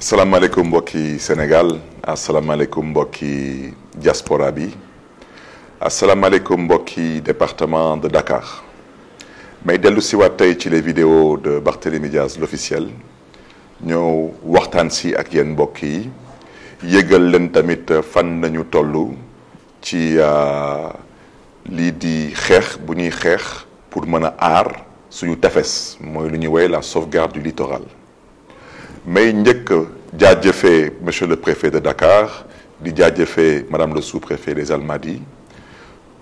alaikum mbokki Sénégal alaikum mbokki diaspora bi alaikum mbokki département de Dakar Mais dellu siwaat tey ci les vidéos de Barthélémy Diaz l'officiel nous waxtaan si ak yéen mbokk yi yëgal leen tamit fan nañu toll ci euh, di xeex bu ñuy pour mën ar, suñu tefes la sauvegarde du littoral may njëkk a monsieur le préfet de Dakar di madame le sous-préfet des Almadies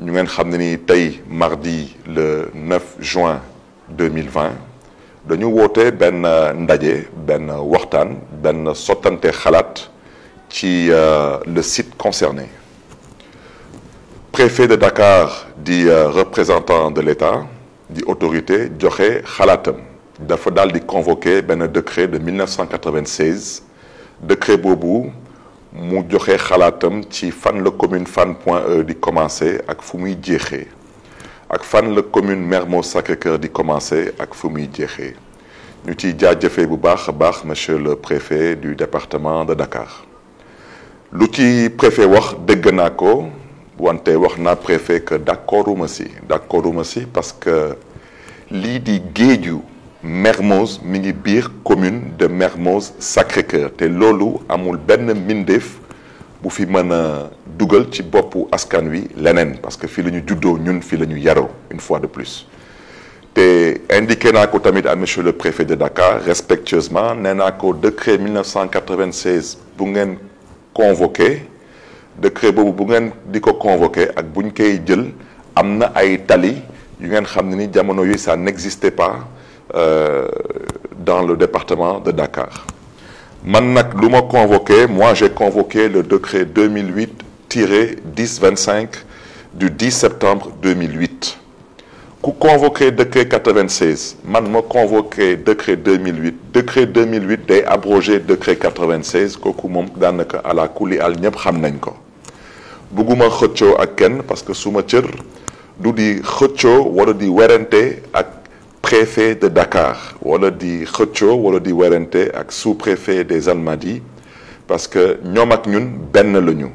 Nous avons xam mardi le 9 juin 2020 dañu woote ben le site concerné préfet de Dakar dit euh, représentant de l'État dit autorité dit Khalatem dafa daal di convoqué un décret de 1996 décret bobou mu joxe xalaatam ci fan le commune FAN.E Point E di commencé ak fu muy ak fan le commune mermo Sacré-Cœur di commencé ak fu muy jeexee ñu ciy jaajëfee bu baax baax monsieur le préfet du département de Dakar lu ci préfet wax dégg il ko wante wax na préfet que d'accorduma si parce que l'idée di géeju Mermoz mini-bir, commune de Mermoz Sacré-Cœur te lolu amul benn Mindef, bu fi mën a ci boppu askan wi lenen parce que fi lañu ñu ñun fi lañu une fois de plus te indiqué naa ko tamit à monsieur le préfet de Dakar respectueusement nena décret 1996 bu ngeen convoqué décret bobu bu ngeen diko convoqué ak buñ koy jël amna ay tali yu ça n'existait pas euh, dans le département de Dakar. Manak Luma convoqué, moi j'ai convoqué le décret 2008-1025 du 10 septembre 2008. Vous convoqué décret 96, man convoqué le décret 2008. Décret 2008 est abrogé décret 96, koku mom danaka ala kuli al ñep xam nañ ko. Buguma ak parce que suma Je di xëccoo wala di ak préfet de Dakar wala di xëccoo wala di werante ak sous-préfet des Almadies parce que ñom ak ñun Ben lañu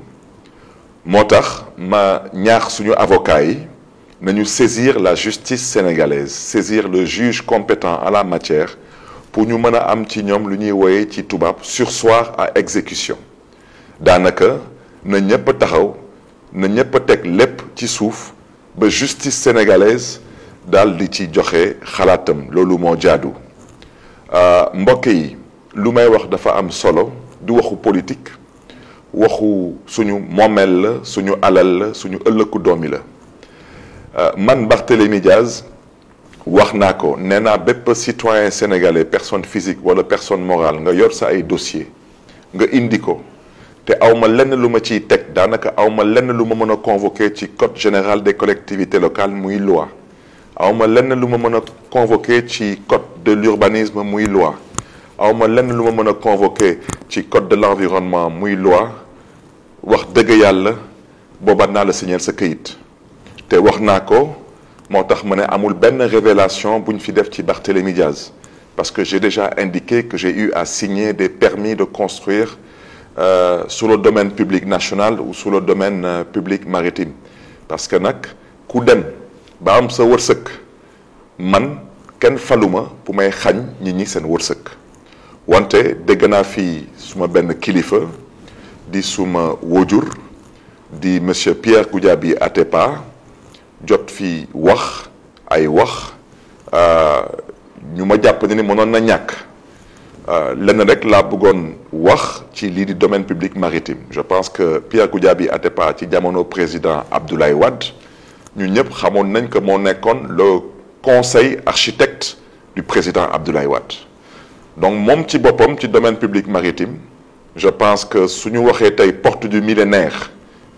Motax ma ñaax suñu avocat yi nañu saisir la justice sénégalaise saisir le juge compétent à la matière pour ñu mëna am ci ñom lu ñuy woyee ci tubaab sursoir à exécution Danaka na ñëpp taxaw na ñëpp tek lepp ci suuf ba justice sénégalaise dal di ci joxe xalaatam loolu moo jaadu euh, mbokk yi lu dafa am solo du waxu politique waxu suñu momel la suñu alal la suñu la euh, man Barthélémy Diaz wax naa ko citoyen sénégalais personne physique wala personne morale nga yor sa dossier nga indiko, ko te awma lenn lu ma ciy teg daanaka awma lenn ma convoqué ci code général des collectivités locales muy loi aw lenn lu ma mën a convoqué ci code de l'urbanisme muy loi aw lenn lu ma mën a convoqué ci code de l'environnement muy loi wax dëgg yàlla boobaa naa la signaler sa këyit te wax naa ko moo tax ma ne amul benn révélation bu ñu fi def ci Barthélémy Diaz parce que j'ai déjà indiqué que j'ai eu à signer des permis de construire euh, sur le domaine public national ou sur le domaine euh, public maritime parce que nag ku dem ba am sa wërsëg man ken faluma bu may xañ nit ñi seen wërsëg wante dégg naa suma benn kilifa di suma wojur di monsieur Pierre Kujabi Atepa jot fi wax ay wax euh, ñu ma jàpp ne ni mënoon na ñàkk euh, lenn rek laa bëggoon wax ci lii di domaine public maritime je pense que Pierre Goudiaby Atepa ci jamono président Abdoulaye Wade ñu savons xamoon nañ que le conseil architecte du président Abdoulaye Wade donc mon ci bopom, ci domaine public maritime je pense que suñu waxee tey porte du millénaire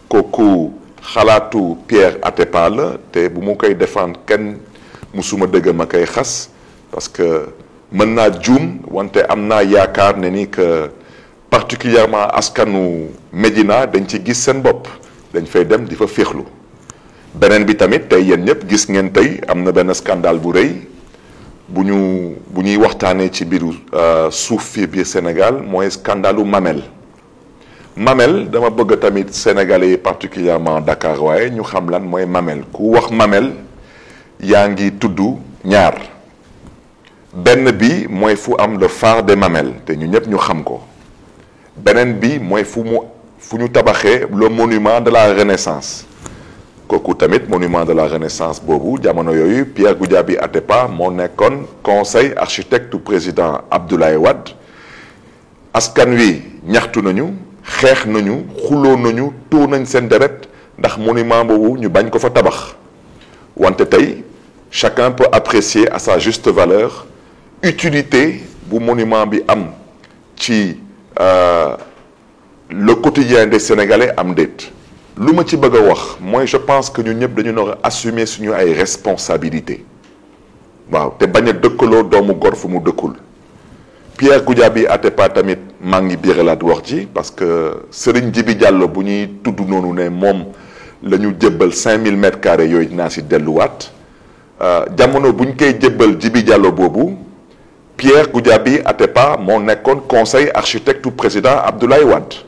Koko, Khalatou, Pierre Atepal, la te bu mu koy défendre kenn musuma dëgg ma koy parce que meuna naa juum wante amna yakar ne ni que particulièrement askanu medina dañ ci gis sen bop dañ fay dem difa fa benen bi tamit tey gis ngeen tay amna na benn scandale bu reuy buñu buñuy waxtane ci euh, biiru Sénégal moy scandaleu Mamel Mamel dama bëgg tamit sénégalais particulièrement Dakar waaye ñu xam lan moy Mamel ku wax Mamel yaangi ngi ñaar benn bi moy fu am le phare de mamel, te ñu ñëpp ñu xam ko benen bi moy fu mu fu ñu le monument de la Renaissance tamit monument de la renaissance Borou, jamono Yoyu, Pierre Goudiabi Atepa mon conseil architecte président Abdoulaye wad askan wi ñaxtu nañu xex nañu xuloo nañu to nañ ndax monument Bobou, ñu bañ ko fa tabax chacun peut apprécier à sa juste valeur utilité bu monument bi am euh, le quotidien des Sénégalais am lu ma ci bëgg wax je pense que ñun ñëpp dañu nar a assumer suñu ay responsabilité waaw te bañ a dans doomu gor fu mu dëkkul Pierre a Goudiaby pas tamit mangi ngi la wax parce que Serigne Djibi Diallo bu ñuy tudd noonu ne moom la ñu 5000 mètres carrés ci naa wat euh jamono buñ koy jébbal Djibi Diallo bobu Pierre Goudiaby Atepa mon nekkoon conseil architecte ou président Abdoulaye Wade.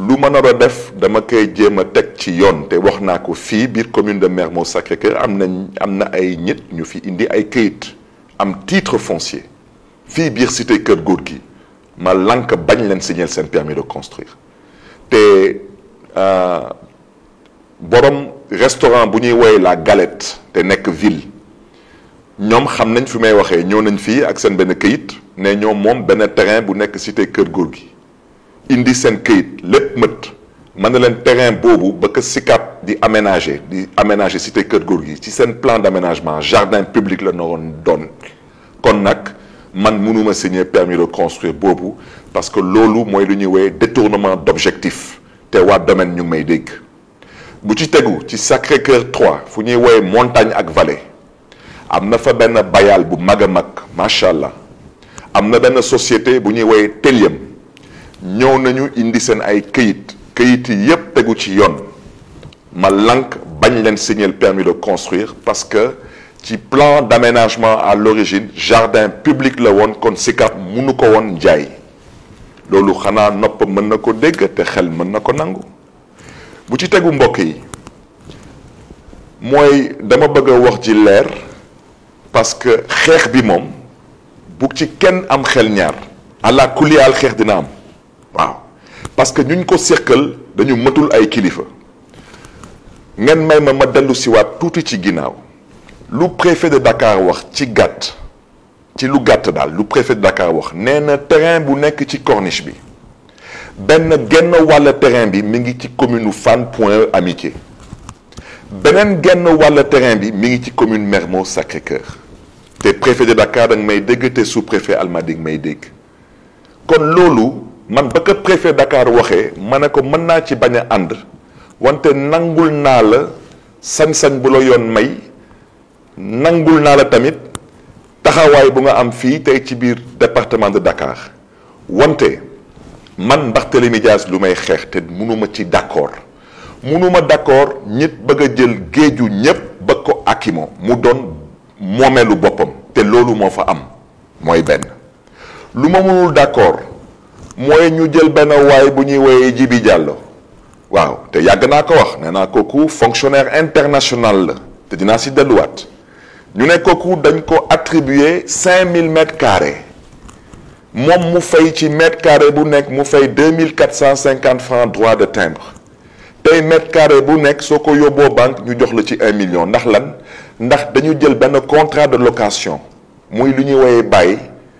Ce que nous def dama a ci te commune de Mermo Sacré-Cœur amna amna ay ñu fi indi ay am titre foncier fi biir cité que ma lank bañ leen permis de construire te euh, borom restaurant bu la galette te nek ville ñom xam nañ fi may dit, nañ fi ak ne ñom mom terrain bu nek cité cœur indi seen këyit lépp mët terrain bobu ba ko SICAP di aménager di aménager cité Kër gui ci plan d'aménagement jardin public le noron Donk kon nak man mënuma signer permis de construire bobu parce que lolu moy lu détournement d'objectif te wa domaine ñu may dégg bu ci tegu ci Sacré-Cœur 3 fu montagne ak vallée amna fa ben bayal bu mag a mag société bu ñuy ñëw nañu indi seen ay këyit këyit yi yëpp tegu ci yoon ma lank permis de construire parce que ci plan d'aménagement à l'origine jardin public le woon kon munu ko woon loolu xanaa nopp mën na ko te xel mën na ko bu ci yi wax parce que xeex bi moom bu am xel ñaar parce que ñuñ ko seqal dañu matul à équilibre, Nous may ma ma de tout ci ginnaaw lu préfet de Dakar wax ci ci lu préfet de Dakar wax nee na terrain bu nekk ci corniche bi benn genn terrain bi mi ci commune fan Point Amitié Benen genn wala terrain bi mi ci commune Sacré-Cœur Tes préfet de Dakar est may dégg sous-préfet Almadig may kon man ba ko préfet Dakar waxee ma ne ko mën naa ci bañ a ànd wante nangul naa la sañ-sañ bu la yoon may nangul naa la tamit taxawaay bu nga am fii tey ci biir département de Dakar wante man Barthélémy Dias lu may xeex te mënuma ci d'accord mënuma d'accord nit bëgg a jël géeju ñépp bëgg ko akimo mu doon moomeelu boppam te loolu moo fa am mooy benn lu ma mënul d'accord moy ñu jël ben waay bu ñuy woowee Djibi Diallo waaw té yàgg naa ko wax nee naa fonctionnaire international la te dinaa si delluwaat ñu ne koku dañ ko attribuer 5000 mètres carrés mom mu fay ci mètre carré bu nekk mu fay 2450 francs droit de timbre tey mètre carré bu nekk soko yobbo banque ñu jox la ci 1 million ndax lan ndax dañu jël ben contrat de location muy lu ñuy woowee bàyyi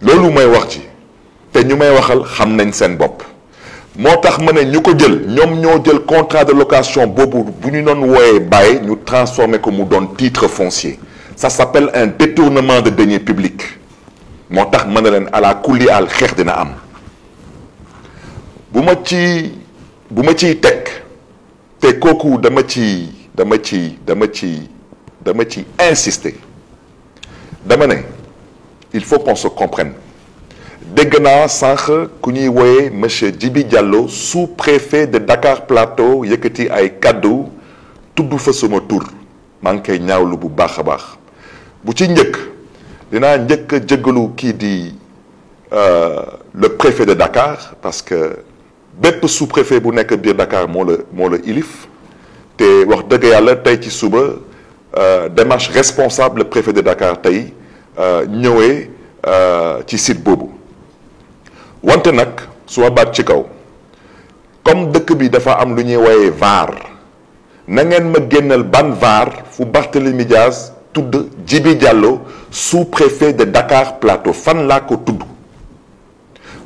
Lolou moy wax ci té ñu may waxal xam nañ seen nyom motax contrat de location bobu bu ñu nous woyé ñu ko mu titre foncier ça s'appelle un détournement de deniers public... motax tax len ala al xex dina am buma ci buma ci tek dama ci dama insister dama ne il faut qu'on se comprenne Degna Sankh sànq M. Djibi Diallo sous-préfet de Dakar Plateau Yekiti ay tout tudd fa sama tur maa ngi koy ñaawlu bu baax a y bu ci njëkk a euh, le préfet de Dakar parce que bépp sous-préfet bu Nek biir Dakar moo le le ilif te wax dëgg yàlla tey ci suba euh, démarche responsable le préfet de Dakar tey euh, euh ci site bobu wante nak su baat ci kaw comme dëkk bi dafa am lu ñuy VAR na ngeen ma ban VAR fu Barthélémy Diaz tudd Djibi Diallo sous-préfet de Dakar Plateau fan la ko tudd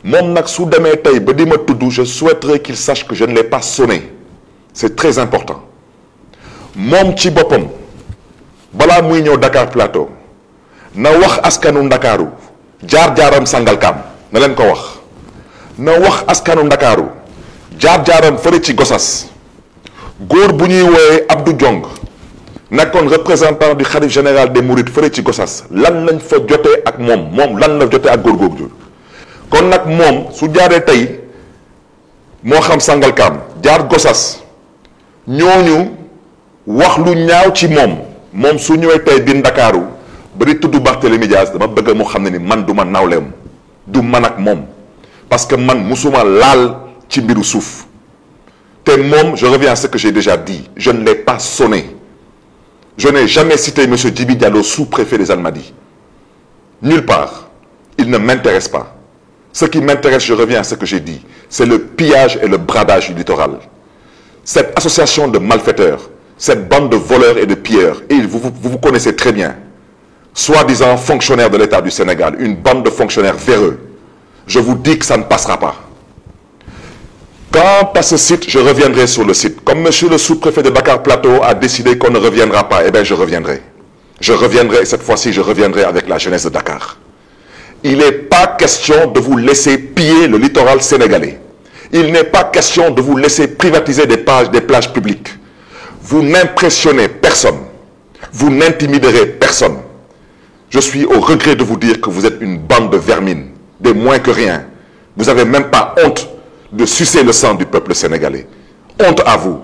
mom nak su démé tey ba di tudd je souhaiterais qu'il sache que je ne l'ai pas sonné c'est très important mom ci boppam bala muy ñëw Dakar Plateau na wax askanu ndakaaru jaar-jaaram Sangalkam na leen ko wax na wax askanu ndakaaru jaar-jaaram fële ci Gossas góor bu ñuy woowee Abdou na nekkoon représentant du xalif général des Mourides fële ci Gossas lan lañ fa jotee ak moom moom lan la jotee ak góor googu kon nag moom su jaaree tey moo xam Sangalkam jaar gosas Gossas ñooñu wax lu ñaaw ci moom moom su ñëwee tey biir ndakaaru dama man du parce que man musuma lal ci je reviens à ce que j'ai déjà dit je ne l'ai pas sonné je n'ai jamais cité M. Djibi sous-préfet des Almadies nulle part il ne m'intéresse pas ce qui m'intéresse je reviens à ce que j'ai dit c'est le pillage et le bradage du littoral cette association de malfaiteurs cette bande de voleurs et de pilleurs et vous, vous connaissez très bien soi-disant fonctionnaires de l'État du Sénégal, une bande de fonctionnaires véreux, je vous dis que ça ne passera pas. Quand à ce site, je reviendrai sur le site. Comme monsieur le sous-préfet de Dakar Plateau a décidé qu'on ne reviendra pas, eh bien je reviendrai. Je reviendrai, et cette fois-ci, je reviendrai avec la jeunesse de Dakar. Il n'est pas question de vous laisser piller le littoral sénégalais. Il n'est pas question de vous laisser privatiser des, pages, des plages publiques. Vous n'impressionnez personne. Vous n'intimiderez personne. Je suis au regret de vous dire que vous êtes une bande de vermines, des moins que rien. Vous n'avez même pas honte de sucer le sang du peuple sénégalais. Honte à vous.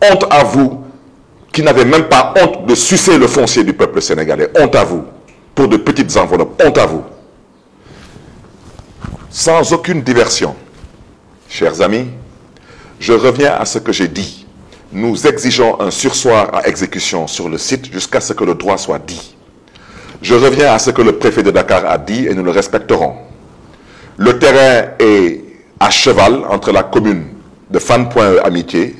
Honte à vous qui n'avez même pas honte de sucer le foncier du peuple sénégalais. Honte à vous. Pour de petites enveloppes. Honte à vous. Sans aucune diversion, chers amis, je reviens à ce que j'ai dit. Nous exigeons un sursoir à exécution sur le site jusqu'à ce que le droit soit dit. Je reviens à ce que le préfet de Dakar a dit et nous le respecterons. Le terrain est à cheval entre la commune de Fan.e Amitié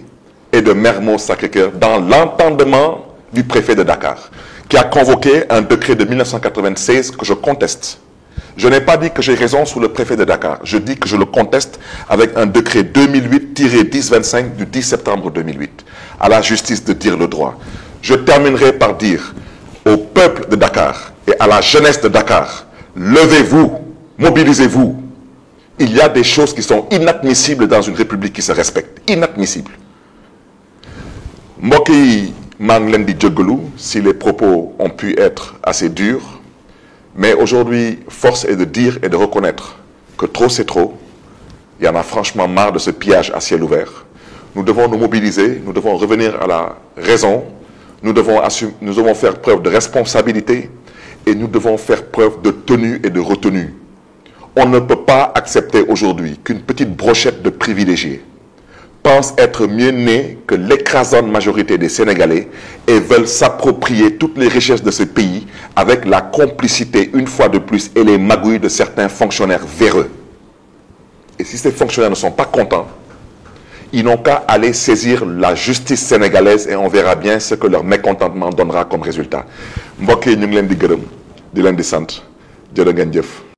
et de mermo sacré cœur dans l'entendement du préfet de Dakar qui a convoqué un décret de 1996 que je conteste. Je n'ai pas dit que j'ai raison sur le préfet de Dakar. Je dis que je le conteste avec un décret 2008-1025 du 10 septembre 2008. À la justice de dire le droit. Je terminerai par dire au peuple de Dakar et à la jeunesse de Dakar, levez-vous, mobilisez-vous. Il y a des choses qui sont inadmissibles dans une république qui se respecte. Inadmissibles. Moki Manglendi Djogolou, si les propos ont pu être assez durs, mais aujourd'hui, force est de dire et de reconnaître que trop c'est trop. Il y en a franchement marre de ce pillage à ciel ouvert. Nous devons nous mobiliser, nous devons revenir à la raison, nous devons, nous devons faire preuve de responsabilité et nous devons faire preuve de tenue et de retenue. On ne peut pas accepter aujourd'hui qu'une petite brochette de privilégiés pense être mieux née que l'écrasante majorité des Sénégalais et veulent s'approprier toutes les richesses de ce pays avec la complicité, une fois de plus, et les magouilles de certains fonctionnaires véreux. Et si ces fonctionnaires ne sont pas contents, ils n'ont qu'à aller saisir la justice sénégalaise et on verra bien ce que leur mécontentement donnera comme résultat. mbokk yi ñu ngi leen di gërëm di leen di sant jërë ngeen jëf.